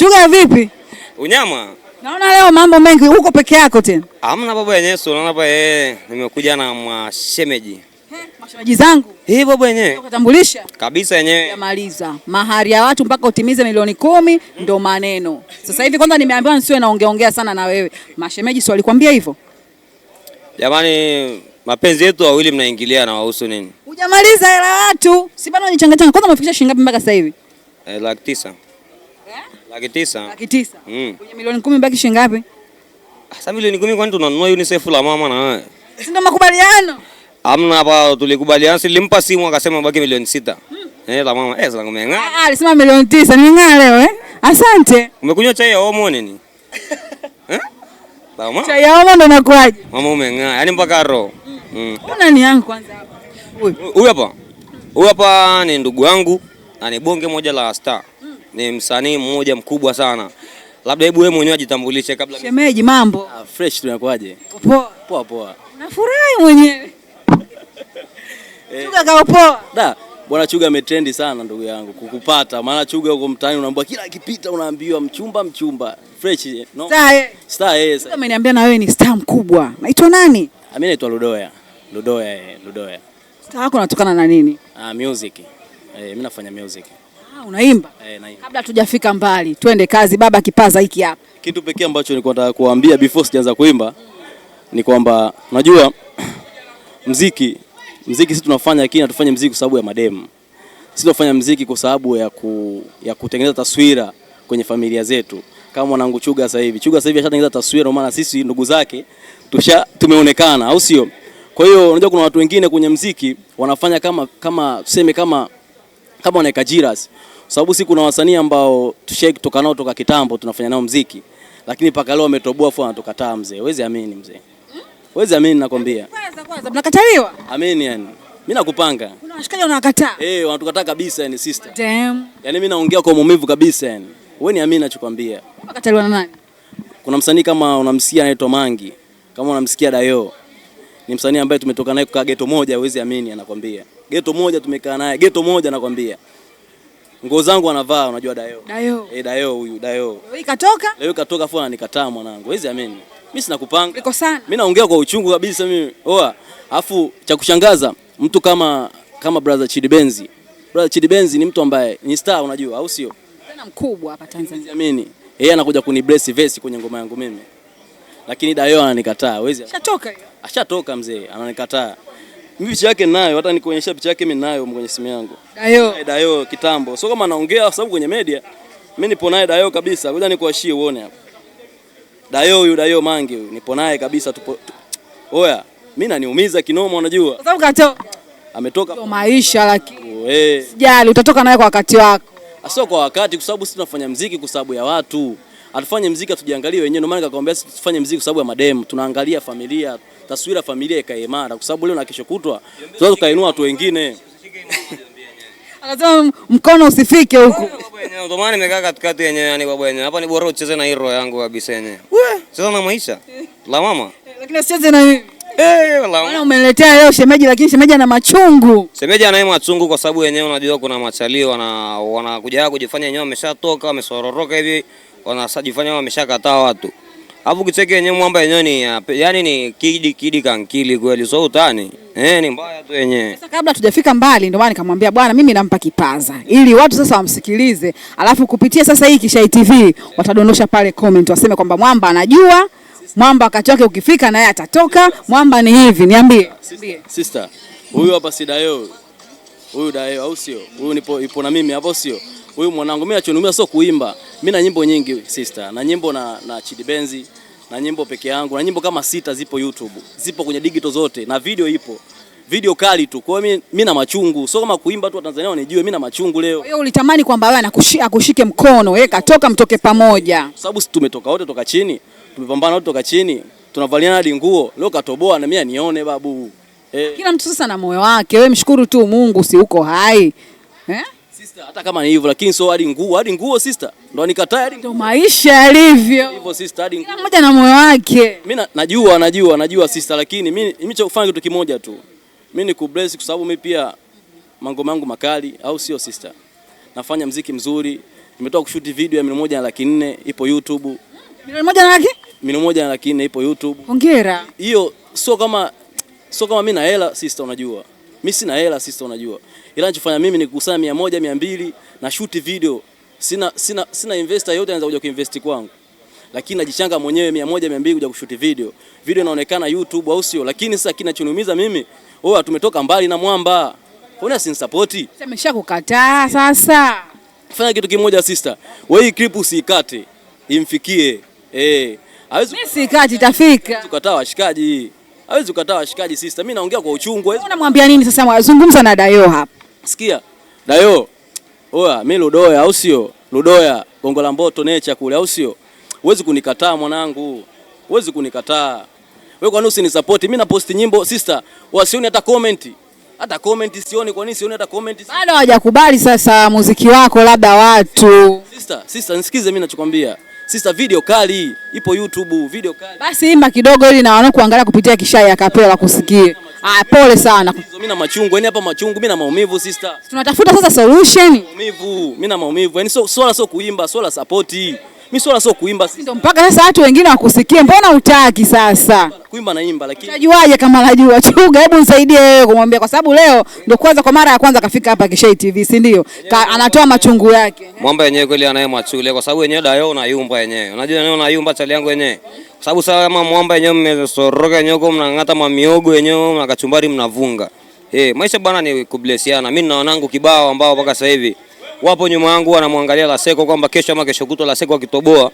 Chuga vipi? Unyama. Naona leo mambo mengi huko peke yako tena. Hamna baba yenyewe, unaona baba yeye eh, nimekuja na mashemeji. mashemeji zangu. Hii baba yenyewe. Ukatambulisha? Kabisa yenyewe. Yamaliza. Mahari ya watu mpaka utimize milioni kumi ndo maneno. Sasa hivi kwanza nimeambiwa nisiwe naongeongea sana na wewe. Mashemeji sio alikwambia hivyo? Jamani, mapenzi yetu wawili mnaingilia na wahusu nini? Hujamaliza hela watu. Si bado ni changa Kwanza umefikisha shilingi ngapi mpaka sasa hivi? Eh, laki tisa laki tisa. Laki tisa. Mm. Kwenye milioni kumi baki shilingi ngapi? Ah, sasa milioni kumi kwani tunanunua UNICEF la mama na wewe? Si ndo makubaliano? Amna hapa tulikubaliana, silimpa simu akasema baki milioni sita. Mm. Eh, la mama, eh, zangu meng'aa. Ah, ah, alisema milioni tisa, nimeng'aa leo eh. Asante. Umekunywa chai ya homo nini? Eh? mama. Chai ya homo ndo nakuaje? Mama umeng'aa, yaani mpaka roho. Mm. Una hmm. ni yangu kwanza hapa. Huyu hapa. Huyu hapa ni ndugu yangu, na ni bonge moja la star. Mm ni msanii mmoja mkubwa sana. Labda hebu wewe mwenyewe ajitambulishe kabla. Shemeji, mambo? Ah, fresh, tunakuaje? Poa poa poa. Nafurahi mwenyewe. Eh. Chuga kama poa. Da, bwana Chuga ametrendi sana ndugu yangu kukupata, maana Chuga huko mtaani unaambiwa kila akipita unaambiwa mchumba mchumba. Fresh, eh, no? Star, eh. Star, eh. Chuga ameniambia na wewe ni star mkubwa. Naitwa nani? Ah, mimi naitwa Ludoya. Ludoya, eh, Ludoya. Star yako natokana na nini? Ah, music. Eh, mimi nafanya music unaimba eh, kabla tujafika mbali, twende kazi baba. Kipaza hiki hapa. Kitu pekee ambacho nilikuwa nataka kuambia before sijaanza kuimba ni kwamba unajua mziki, mziki sisi tunafanya lakini hatufanye mziki kwa sababu ya mademu. Sisi tunafanya mziki kwa sababu ya, ku, ya kutengeneza taswira kwenye familia zetu kama mwanangu Chuga sasa hivi. Chuga sasa hivi ashatengeneza taswira, maana sisi ndugu zake tusha tumeonekana, au sio? Kwa hiyo unajua kuna watu wengine kwenye mziki wanafanya kama kama tuseme kama kama wanaeka jiras, sababu si kuna wasanii ambao tushai toka nao toka kitambo tunafanya nao mziki, lakini mpaka leo wametoboa fu anatukataa mzee. Wezi amini mzee, wezi amini, nakwambia kwanza kwanza mnakataliwa. Amini yani mimi nakupanga. Kuna washikaji wanakataa. Eh, wanatukataa kabisa yani sister. Damn. yani mimi naongea kwa maumivu kabisa yani. Wewe ni amini nachokwambia. Mnakataliwa na nani? Kuna msanii kama unamsikia anaitwa Mangi, kama unamsikia Dayo. Ni msanii ambaye tumetoka naye kukaa geto moja, wezi amini anakwambia. Geto moja tumekaa naye, geto moja anakwambia nguo zangu anavaa, unajua Dayo. Dayo. Eh, Dayo huyu Dayo. Leo ikatoka? Leo ikatoka afu ananikataa mwanangu. Hawezi amini. Mimi sina kupanga. Niko sana. Mimi naongea kwa uchungu kabisa mimi. Oa. Afu cha kushangaza mtu kama kama brother Chidi Benzi. Brother Chidi Benzi ni mtu ambaye ni star unajua, au sio? Tena mkubwa hapa Tanzania. Amini. Yeye anakuja kunibrace vesi kwenye ngoma yangu mimi. Lakini Dayo ananikataa. Hawezi. Ashatoka Ashatoka mzee, ananikataa. Mimi picha yake ninayo, hata nikuonyesha picha yake mimi nayo kwenye simu yangu. Dayo. Dayo kitambo. So kama naongea kwa sababu kwenye media mimi nipo naye Dayo kabisa. Ngoja nikuashie uone hapa. Dayo huyu Dayo Mange huyu nipo naye kabisa tupo. Tu... Oya, mimi naniumiza kinoma unajua. Kwa sababu katoka. Ametoka. kwa maisha lakini. Sijali utatoka naye kwa wakati wako. Ah, sio kwa wakati kwa sababu sisi tunafanya mziki kwa sababu ya watu atufanye mziki atujiangalie wenyewe. Ndio maana nikakwambia tufanye mziki kwa sababu ya mademu, tunaangalia familia, taswira familia ikae imara, kwa sababu leo na kesho kutwa tunaweza tukainua watu wengine. Akasema mkono usifike huku. Ndio maana nimekaa katikati yenyewe, yani babu yenyewe. Hapa ni bora ucheze na hero yangu kabisa yenyewe. Wewe cheza na maisha. La mama. Lakini usicheze na mimi. Eh, wala. Umeletea leo shemeji lakini shemeji ana machungu. Shemeji anaye machungu kwa sababu yenyewe unajua kuna machalio wana wanakuja kujifanya wenyewe wameshatoka, wamesororoka hivi wanasajifanya wameshakataa watu, alafu kicheki yenyewe mwamba yenyewe ni yani ni kidi kidi kankili kweli, so utani eh, ni mbaya tu yenyewe. Sasa kabla tujafika mbali, ndio maana nikamwambia bwana, mimi nampa kipaza ili watu sasa wamsikilize, alafu kupitia sasa hii Kishai TV watadondosha pale comment, waseme kwamba mwamba anajua mwamba wakati wake ukifika naye atatoka. Mwamba ni hivi, niambie sister, huyu hapa si Dayo, huyu Dayo au sio? Huyu nipo ipo na mimi hapo, sio? huyu mwanangu, mimi nachoniumia sio kuimba. Mimi na nyimbo nyingi sister, na nyimbo na, na Chidi Benzi na nyimbo peke yangu na nyimbo kama sita zipo YouTube, zipo kwenye digital zote na video ipo video kali tu. Kwa hiyo mimi na machungu, sio kama kuimba tu, Watanzania wanijue mimi na machungu leo. Wewe ulitamani kwamba wewe anakushike mkono, wewe katoka, mtoke pamoja, sababu tumetoka wote toka chini, tumepambana wote toka chini, tunavaliana hadi nguo. Leo katoboa na mimi anione babu eh. Kila mtu sasa na moyo wake, wewe mshukuru tu Mungu, si uko hai eh? sister, hata kama ni hivyo lakini sio hadi nguo, hadi nguo sister. Ndio nikataa hadi ndio maisha yalivyo. Hivyo sister hadi kila mmoja na moyo wake. Mimi na, najua najua najua sister, lakini mimi mimi cha kufanya kitu kimoja tu. Mimi ni kubless kwa sababu mimi pia mango mangu makali au sio sister. Nafanya mziki mzuri. Nimetoka kushuti video ya milioni moja na laki nne ipo YouTube. Milioni moja na laki? Milioni moja na laki nne ipo YouTube. Hongera. Hiyo sio kama sio kama mimi na hela sister, unajua. Mimi sina hela sister, unajua. Kinachofanya mimi ni kukusanya mia moja mia mbili na shoot video. Sina sina sina investor yote anaweza kuja kuinvest kwangu, lakini najichanga mwenyewe mia moja mia mbili kuja kushoot video. Video inaonekana YouTube, au sio? Lakini sasa kinachoniumiza mimi, oh, tumetoka mbali na mwamba, mbona sinisupport? Sasa kukataa sasa. Fanya kitu kimoja sister, wewe hii clip usikate, imfikie eh. Hawezi sikati, itafika. Tukataa washikaji, hawezi kukataa washikaji sister. Mimi naongea kwa uchungu. Unamwambia nini sasa? Zungumza na Dayo hapa. Sikia. Dayo. Oya, mimi Ludoya au sio? Ludoya, Gongo la Mboto necha kule au sio? Huwezi kunikataa mwanangu. Huwezi kunikataa. Wewe kwa nini usinisupport? Mimi na post nyimbo sister, wasioni hata comment. Hata comment sioni, kwa nini sioni hata comment? Bado hawajakubali sasa muziki wako labda watu. Sister, sister nisikize mimi nachokwambia. Sister video kali ipo YouTube, video kali. Basi imba kidogo ili na wanao kuangalia kupitia kishaya ya kapela kusikie. Ah, pole sana. Mimi na machungu, yani hapa machungu, mimi na maumivu sister. Tunatafuta sasa solution. Maumivu, mimi na maumivu. Yaani so swala sio kuimba, swala support. Mimi swala sio kuimba sisi. Ndio mpaka sasa watu wengine wakusikie. Mbona utaki sasa? Kuimba na imba lakini. Unajuaje kama najua? Chuga, hebu nisaidie wewe kumwambia kwa sababu leo ndio kwanza kwa mara ya kwanza kafika hapa Kishai TV, si ndio? Anatoa machungu yake. Mwamba yenyewe kweli anaye machule kwa sababu yenyewe dayo na yumba yenyewe. Unajua neno na yumba chali yangu yenyewe. Kwa sababu sasa kama mwamba yenyewe mmesoroka yenyewe kwa mnangata mamiogo yenyewe mnakachumbari mnavunga. Eh, hey, maisha bwana ni kublesiana. Mimi na wanangu kibao ambao mpaka sasa hivi wapo nyuma yangu wanamwangalia Laseko kwamba kesho ama kesho kutwa Laseko akitoboa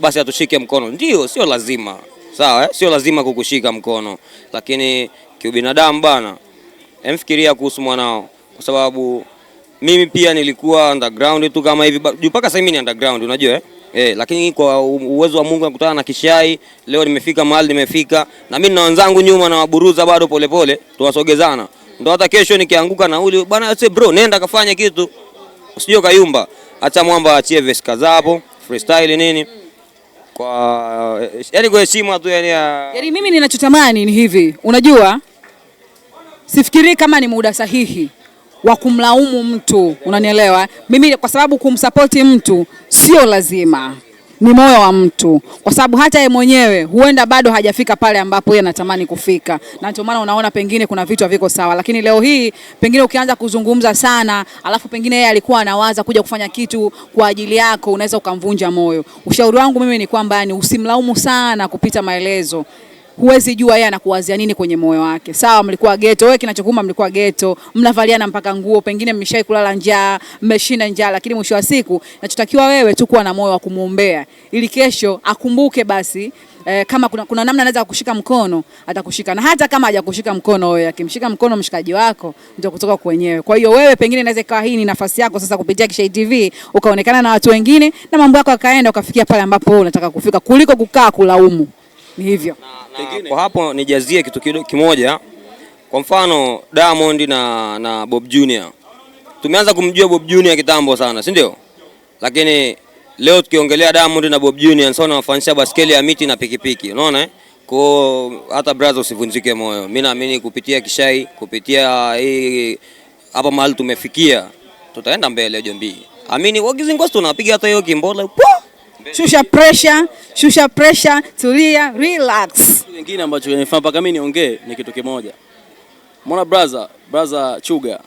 basi atushike mkono. Ndio, sio lazima sawa eh? Sio lazima kukushika mkono, lakini kiubinadamu bana, emfikiria eh, kuhusu mwanao, kwa sababu mimi pia nilikuwa underground tu kama hivi juu, mpaka sasa mimi ni underground, unajua eh? Eh, lakini kwa uwezo wa Mungu nakutana na Kishai leo, nimefika mahali nimefika, na mimi na wenzangu nyuma na waburuza bado polepole, tunasogezana ndo hata kesho nikianguka na huyu bwana, bro nenda kafanya kitu usije kayumba, hata mwamba achie verse kadhaa hapo freestyle nini kwa yani kwa heshima tu yani ya... yani mimi ninachotamani ni hivi, unajua sifikiri kama ni muda sahihi wa kumlaumu mtu, unanielewa mimi, kwa sababu kumsapoti mtu sio lazima ni moyo wa mtu, kwa sababu hata yeye mwenyewe huenda bado hajafika pale ambapo yeye anatamani kufika, na ndio maana unaona pengine kuna vitu haviko sawa. Lakini leo hii pengine ukianza kuzungumza sana, alafu pengine yeye alikuwa anawaza kuja kufanya kitu kwa ajili yako, unaweza ukamvunja moyo. Ushauri wangu mimi ni kwamba, yani, usimlaumu sana kupita maelezo huwezi jua yeye anakuwazia nini kwenye moyo wake. Sawa, mlikuwa geto, wewe kinachokuuma mlikuwa geto, mnavaliana mpaka nguo, pengine mmeshai kulala njaa, mmeshinda njaa, lakini mwisho wa siku nachotakiwa wewe tu kuwa na moyo wa kumuombea ili kesho akumbuke basi Eh, kama kuna, kuna namna anaweza kushika mkono atakushika, na hata kama hajakushika mkono wewe, akimshika mkono mshikaji wako ndio kutoka kwenyewe. Kwa hiyo wewe, pengine inaweza ikawa hii ni nafasi yako sasa kupitia Kishai TV ukaonekana na watu wengine na mambo yako yakaenda ukafikia pale ambapo unataka kufika, kuliko kukaa kulaumu ni hivyo. Na, na, kwa hapo nijazie kitu kimoja, kwa mfano Diamond na, na Bob Junior. Tumeanza kumjua Bob Junior kitambo sana, si ndio? Lakini leo tukiongelea Diamond na Bob Junior sana wanafanisha baskeli ya miti na pikipiki, unaona eh? Kwa hata brother, usivunjike moyo. Mimi naamini kupitia Kishai, kupitia hii hapa mahali tumefikia, tutaenda mbele Jombi. Amini wakizingosi tunapiga hata hiyo kimbola shusha pressure, shusha pressure, tulia, relax. Kingine ambacho kinanifanya mpaka mimi niongee ni kitu kimoja. Mbona brother, brother Chuga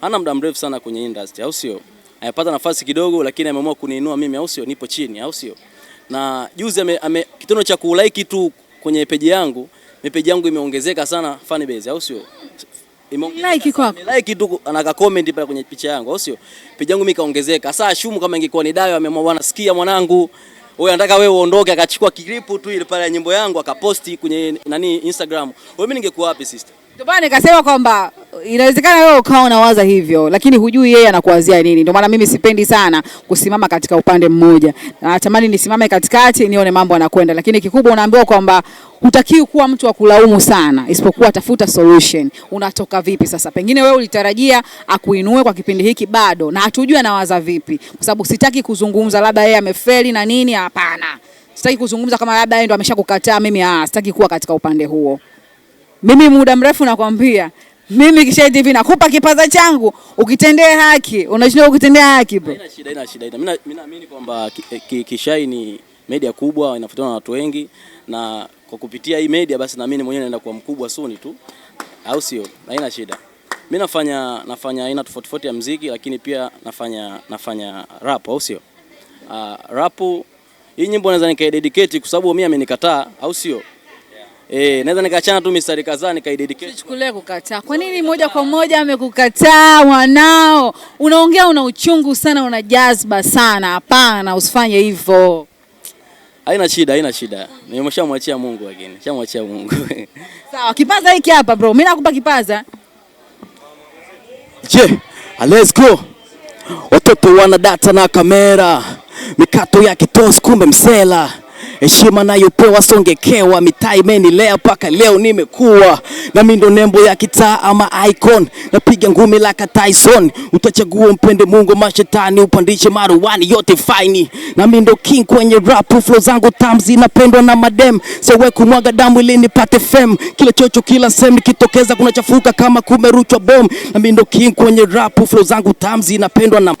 hana muda mrefu sana kwenye industry, au sio? Amepata nafasi kidogo, lakini ameamua kuniinua mimi, au sio? Nipo chini, au sio? Na juzi ame, ame kitendo cha kulike tu kwenye peji yangu, peji yangu imeongezeka sana fan base, au sio? like kwako. Like tu anaka comment pale kwenye picha yangu au sio? Picha yangu mimi kaongezeka. Sasa ashumu kama ingekuwa ni Dayo amemwona sikia mwanangu. Wewe anataka wewe uondoke akachukua clip tu ile pale ya nyimbo yangu akaposti kwenye nani Instagram. Wewe mimi ningekuwa wapi sister? Ndio maana nikasema kwamba inawezekana wewe ukawa unawaza hivyo, lakini hujui yeye anakuwazia nini. Ndio maana mimi sipendi sana kusimama katika upande mmoja, natamani nisimame katikati, nione mambo yanakwenda, lakini kikubwa unaambiwa kwamba hutakiwi kuwa mtu wa kulaumu sana, isipokuwa tafuta solution. Unatoka vipi sasa? Pengine wewe ulitarajia akuinue kwa kipindi hiki, bado na hatujui anawaza vipi, kwa sababu sitaki kuzungumza labda yeye amefeli na nini. Hapana, sitaki kuzungumza kama labda yeye ndo ameshakukataa mimi. Ah, sitaki kuwa katika upande huo. Mimi muda mrefu nakwambia mimi Kisha TV nakupa kipaza changu, ukitendea haki unashindwa ukitendea haki bro. Haina shida, haina shida. Mimi naamini kwamba eh, Kishai ni media kubwa, inafuatana na watu wengi na kwa kupitia hii media basi na mimi mwenyewe naenda kuwa mkubwa suni tu, au sio? Haina shida. Mimi nafanya nafanya aina tofauti tofauti ya muziki, lakini pia nafanya nafanya rap, au sio? Uh, rap hii nyimbo naweza nikaidedicate kwa sababu mimi amenikataa, au sio? Eh, naweza nikaachana tu mistari kadhaa nikaidedicate. Sichukulie kukataa. Kwa nini moja kwa moja amekukataa mwanao? Unaongea una uchungu sana, una jazba sana. Hapana, usifanye hivyo. Haina shida, haina shida. Nimeshamwachia Mungu lakini. Shamwachia Mungu. Sawa, kipaza hiki hapa bro. Mimi nakupa kipaza. Je, let's go. Watoto wana data na kamera. Mikato ya kitos kumbe msela heshima nayopewa songekewa, mitaa imenilea mpaka leo nimekuwa, nami ndo nembo ya kitaa ama icon, napiga ngumi la Tyson. Utachagua mpende Mungu mashetani, upandishe maruani yote faini, nami ndo king kwenye rap, flow zangu tamzi napendwa na madem, sewe kumwaga damu ili nipate fame, kila chocho kila sem nikitokeza kuna chafuka kama kumeruchwa bom, nami ndo king kwenye rap, flow zangu tamzi napendwa na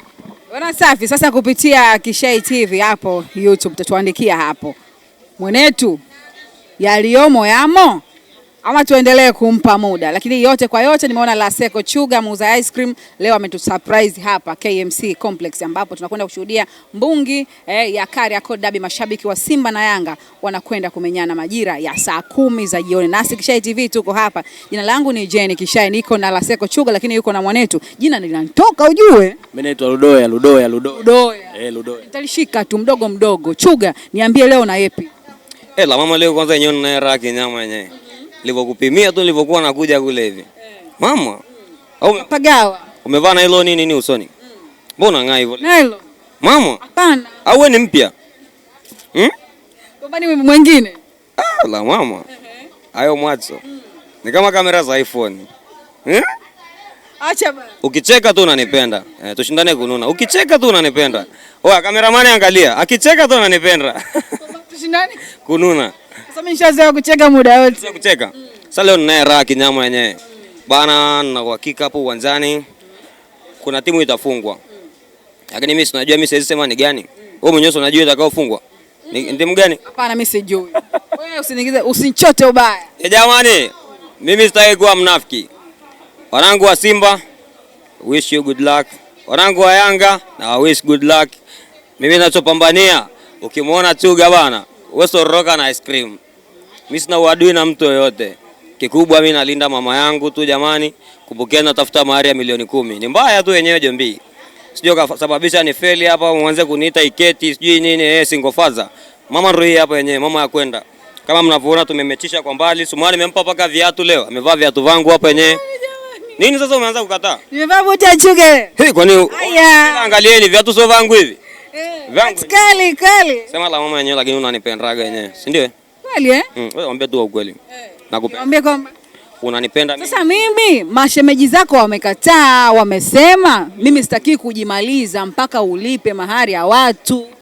Wana safi. Sasa kupitia Kishai TV hapo YouTube, tatuandikia hapo mwenetu yaliyomo yamo ama tuendelee kumpa muda, lakini yote kwa yote nimeona Laseko Chuga muuza ice cream leo ametusurprise hapa KMC Complex, ambapo tunakwenda kushuhudia mbungi eh, ya Kariakoo Derby. Mashabiki wa Simba na Yanga wanakwenda kumenyana majira ya saa kumi za jioni. Nasi Kishai TV tuko hapa, jina langu ni Jenny Kishai, niko na Laseko Chuga, lakini yuko na mwanetu, jina linatoka ujue. Mimi naitwa Ludoya, Ludoya, Ludoya, Ludoya, eh, Ludoya nitalishika tu mdogo mdogo. Chuga, niambie leo na yepi Eh, la mama leo kwanza yenyewe naye raha kinyama yenyewe. Mhm. Nilipokupimia tu nilipokuwa nakuja kule hivi. Eh. Mama. Mhm. Au pagawa. Umevaa nailo nini nini usoni? Mhm. Mbona ng'aa hivyo? Nailo. Mama. Hapana. Au wewe ni mpya? Hmm? Baba ni mwingine. Ah, la mama. Hayo mwacho. Ni kama kamera za iPhone. Eh? Acha ba. Ukicheka tu unanipenda. Eh, tushindane kununa. Ukicheka tu unanipenda. Oa, kameramani angalia. Akicheka tu unanipenda. nani? Kununa. Sasa mimi nishazoea kucheka muda wote. Kucheka. Mm. Sasa leo ninaye raha kinyama yenyewe. Mm. Bana na uhakika hapo uwanjani kuna timu itafungwa. Mm. Lakini mimi sinajua mimi siwezi sema ni gani. Mm. Wewe mwenyewe unajua itakayofungwa. Mm. Ni timu gani? Hapana mimi sijui. Wewe usiningize usinchote ubaya. Ya eh, jamani, mimi sitaki kuwa mnafiki. Wanangu wa Simba, wish you good luck. Wanangu wa Yanga na wish good luck. Mimi nachopambania ukimwona Chuga bana wewe roka na ice cream. Mimi sina uadui na mtu yoyote. Kikubwa mimi nalinda mama yangu tu jamani. Kumbukeni natafuta mahari ya milioni kumi. Ni mbaya tu yenyewe Jombi. Sijui kasababisha ni feli hapa mwanze kuniita iketi sijui nini eh, single father. Mama rohi hapa yenyewe, mama ya kwenda. Kama mnavyoona tumemechisha kwa mbali. Sumari amempa paka viatu leo. Amevaa viatu vangu hapa yenyewe. Nini sasa umeanza kukataa? Nimevaa buti ya chuge. Hii kwani? Angalieni viatu sio vangu hivi. Ati kali kali. Sema la mama yenyewe lakini unanipendaga yenyewe. Si ndio? Kweli eh? Mm, wewe mwambie tu ukweli. Eh. Nakupenda. Mwambie kwamba unanipenda mimi. Sasa mimi mashemeji zako wamekataa, wamesema mimi sitaki kujimaliza mpaka ulipe mahari ya watu.